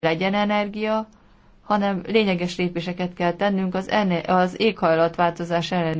legyen energia, hanem lényeges lépéseket kell tennünk az, enne, az éghajlatváltozás elleni